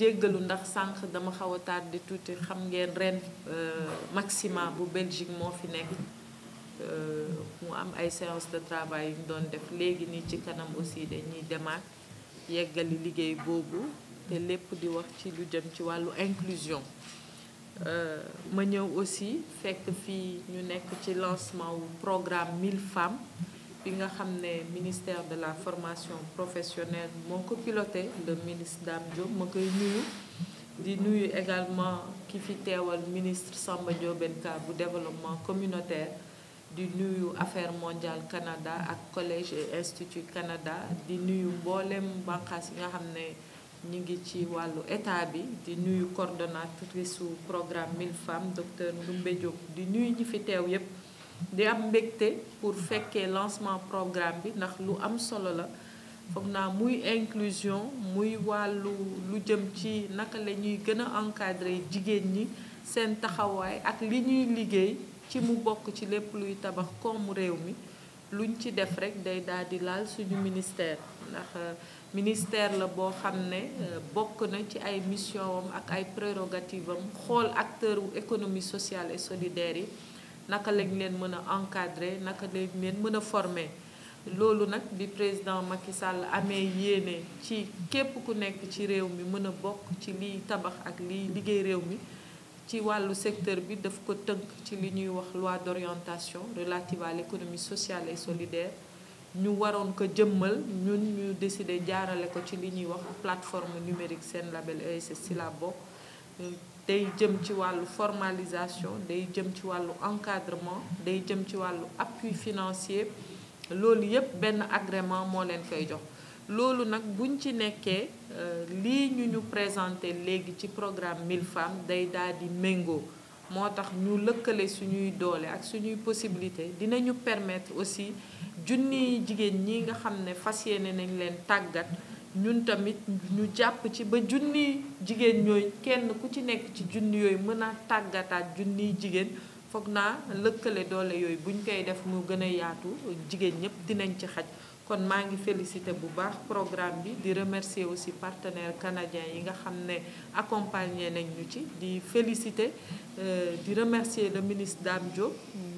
jéggalu ndax sànq dama xaw a tardé tuuti xam ngeen ren euh, maxima bu Belgique moo fi nekk euh, mu am ay séance de travail yu doon def léegi nii ci kanam aussi dañuy demaat yeggali liggéey boobu te lépp di wax ci lu jëm ci wàllu inclusion euh, ma ñëw aussi fekk fii ñu nekk ci lancement wu programme 1000 femmes bi nga xam ne ministère de la formation professionnelle moo ko piloté le ministre Dame Diop ma koy nuyu di nuyu également ki fi teewal ministre Samba Ndiobène bu développement communautaire di nuyu affaire mondiale Canada ak collège et institut Canada di nuyu mboolem bànqaas yi nga xam ne ñu ngi ci wàllu état bi di nuyu coordonnatrice u programme mille femme docteur Ndoumbe Diop di nuyu ñi fi teew yépp di am mbégte pour fekkee lancement programme bi ndax lu am solo la foog naa muy inclusion muy wàllu lu jëm ci naka lañuy ñuy gën a encadrer jigéen ñi seen taxawaay ak li ñuy liggéey ci mu bokk ci lépp luy tabax koomu réew mi luñ ci def rek day daal di laal suñu ministère ndax euh, ministère la boo xam ne euh, bokk na ci ay mission am ak ay prérogative am xool acteur wu économie sociale et solidaire yi naka lañ leen mën a encadrer naka lañ leen mën a former loolu nag bi président Macky Sall amee yéene ci képp ku nekk ci réew mi mën a bokk ci liy tabax ak liy liggéey réew mi ci wàllu secteur bi daf ko tënk ci li ñuy wax loi d'orientation relative à l'économie sociale et solidaire ñu waroon ko jëmmal ñun ñu désidé jaarale ko ci li ñuy wax plateforme numérique Sen Label ESS ci la bokk day jëm ci wàllu formalisation day jëm ci wàllu encadrement day jëm ci wàllu appui financier loolu yëpp benn agrément moo leen koy jox loolu nag buñ ci nekkee euh, lii ñu ñu présenté léegi ci programme mille femmes day daal di méngoo moo tax ñu lëkkale suñuy doole ak suñuy possibilité dinañu permettre aussi junniy jigéen ñi nga xam ne fas yéene nañ leen tàggat ñun tamit ñu jàpp ci ba junni jigéen ñooy kenn ku ci nekk ci junni yooyu mën a tàggataat junniy jigéen foog naa lëkkale doole yooyu buñ koy def mu gën a yaatu jigéen ñëpp dinañ ci xaj kon maa ngi félicité bu baax programme bi di remercier aussi partenaires canadiens yi nga xam ne accompagné nañ ñu ci di félicité euh, di remercier le ministre daam Diop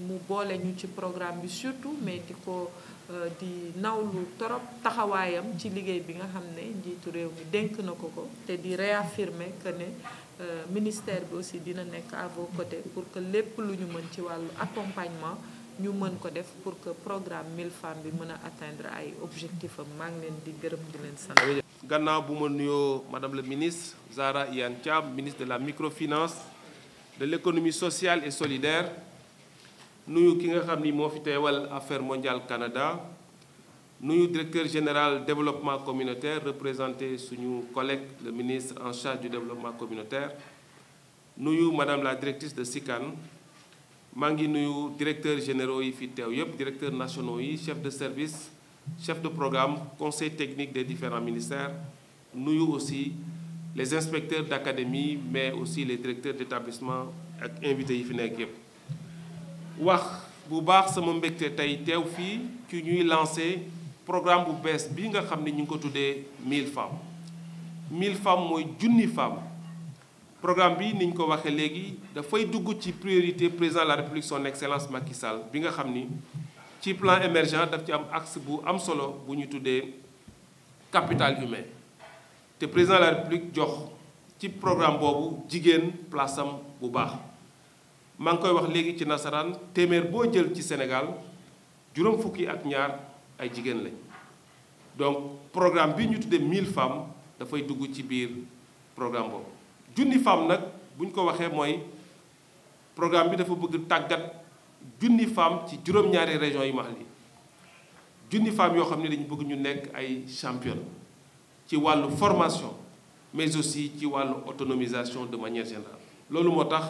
mu boole ñu ci programme bi surtout mais di ko Euh, di nawlu torop taxawaayam ci liggéey bi nga xam ne njiitu réew mi dénk na ko ko te di réaffirmer que ne euh, ministère bi aussi dina nekk à vos côtés pour que lépp lu ñu mën ci wàllu accompagnement ñu mën ko def pour que programme mille femme bi mën a atteindre ay objectif am maa leen di gërëm di leen sant. gannaaw bu ma nuyoo madame la ministre Zahra Iyane Thiam ministre de la microfinance de l' sociale et solidaire. nuyu ki nga xam ni moo fi teewal affaire mondiale Canada nuyu directeur général développement communautaire représenté suñu collègue le ministre en charge du développement communautaire nuyu madame la directrice de sikan maa ngi nuyu directeur généraux yi fi teew yépp directeurs nationaux yi chef de service chef de programme conseil technique des différents ministères nuyu aussi les inspecteurs d'académie mais aussi les directeurs d'établissement ak invités yi fi nekk yépp wax bu baax sama mbégte tey teew fii ci ñuy lancé programme bu bees bi nga xam ne ñu ngi ko tuddee 1000 femme mille femmes mooy junni femme programme bi niñ ko waxee léegi dafay dugg ci priorité président de la république son excellence Macky Sall bi nga xam ni ci plan émergent daf ci am axe bu am solo bu ñu tuddee capital humain te président de la république jox ci programme boobu jigéen place am bu baax. maa ngi koy wax léegi ci nasaraan téeméer boo jël ci Sénégal juróom fukki ak ñaar ay jigéen lañ donc programme bi ñu tuddee mille femmes dafay dugg ci biir programme boobu. junni femme nag bu ñu ko waxee mooy programme bi dafa bëgg tàggat junni femme ci juróom-ñaari région yi ma xam ni junni femme yoo xam ne dañu bëgg ñu nekk ay championne ci wàllu formation mais aussi ci wàllu autonomisation de manière générale loolu moo tax.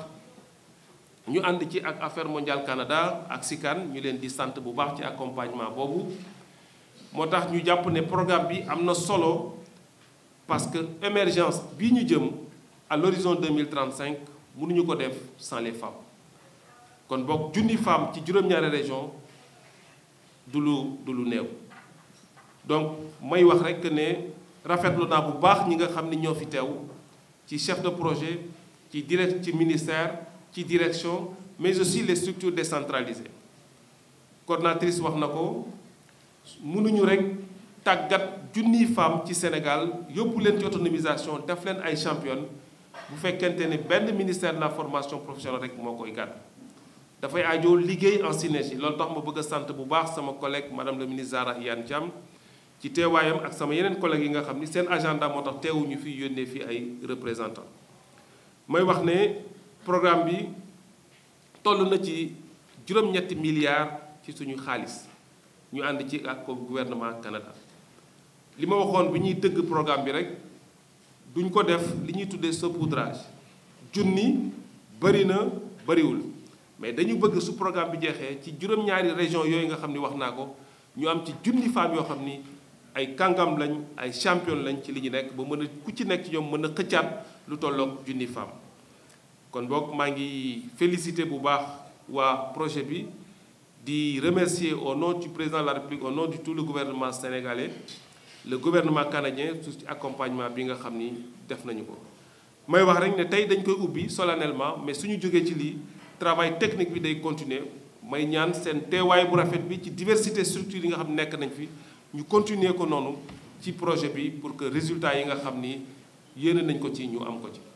ñu ànd ci ak affaire mondiales Canada ak SICAN ñu leen di sant bu baax ci accompagnement boobu moo tax ñu jàpp ne programme bi am na solo parce que émergence bii ñu jëm deux à l'horizon 2035 mënuñu ko def sans les femmes kon boog junni femmes ci juróom-ñaari région du lu du lu néew donc may wax rekk ne rafetlu naa bu baax ñi nga xam ni ñoo fi teew ci chef de projet ci direct ci ministère ci direction mais si les structures décentralisées coordonnatrice wax na ko mënuñu rek tàggat junniy femme ci Sénégal yóbbu leen ci autonomisation def leen ay championne bu fekkente ne benn ministère de la formation professionnelle rek moo koy gàtt dafay ajoo liggéey en synergie loolu tax ma bëgg sant bu baax sama collègue madame le ministre Zahra Iyane ci teewaayam ak sama yeneen collègues yi nga xam ni seen agenda moo tax teewuñu fi yónnee fi ay représentants programme bi toll na ci juróom-ñetti milliards ci suñu xaalis ñu ànd ci ak gouvernement Canada li ma waxoon bi ñuy tëgg programme bi rek duñ ko def li ñuy tuddee saupoudrage junni bari na bariwul mais dañu bëgg su programme bi jeexee ci juróom-ñaari région yooyu nga xam ni wax naa ko ñu am ci junni femmes yoo xam ni ay kàngam lañ ay champion lañ ci li ñu nekk ba mën ku ci nekk ci ñoom mën a xëccaat lu tolloog junni femmes kon boog maa ngi félicité bu baax waa projet bi di remercier au nom du président de la République au nom de tout le gouvernement sénégalais le gouvernement canadien su ci accompagnement bi nga xam ni def nañu ko. may wax rek ne tey dañ koy ubbi solennellement mais suñu jógee ci lii travail technique bi day continuer may ñaan seen teewaay bu rafet bi ci diversité structure yi nga xam nekk nañ fi ñu continuer ko noonu ci projet bi pour que résultat yi nga xam ni yéene nañ ko ci ñu am ko ci.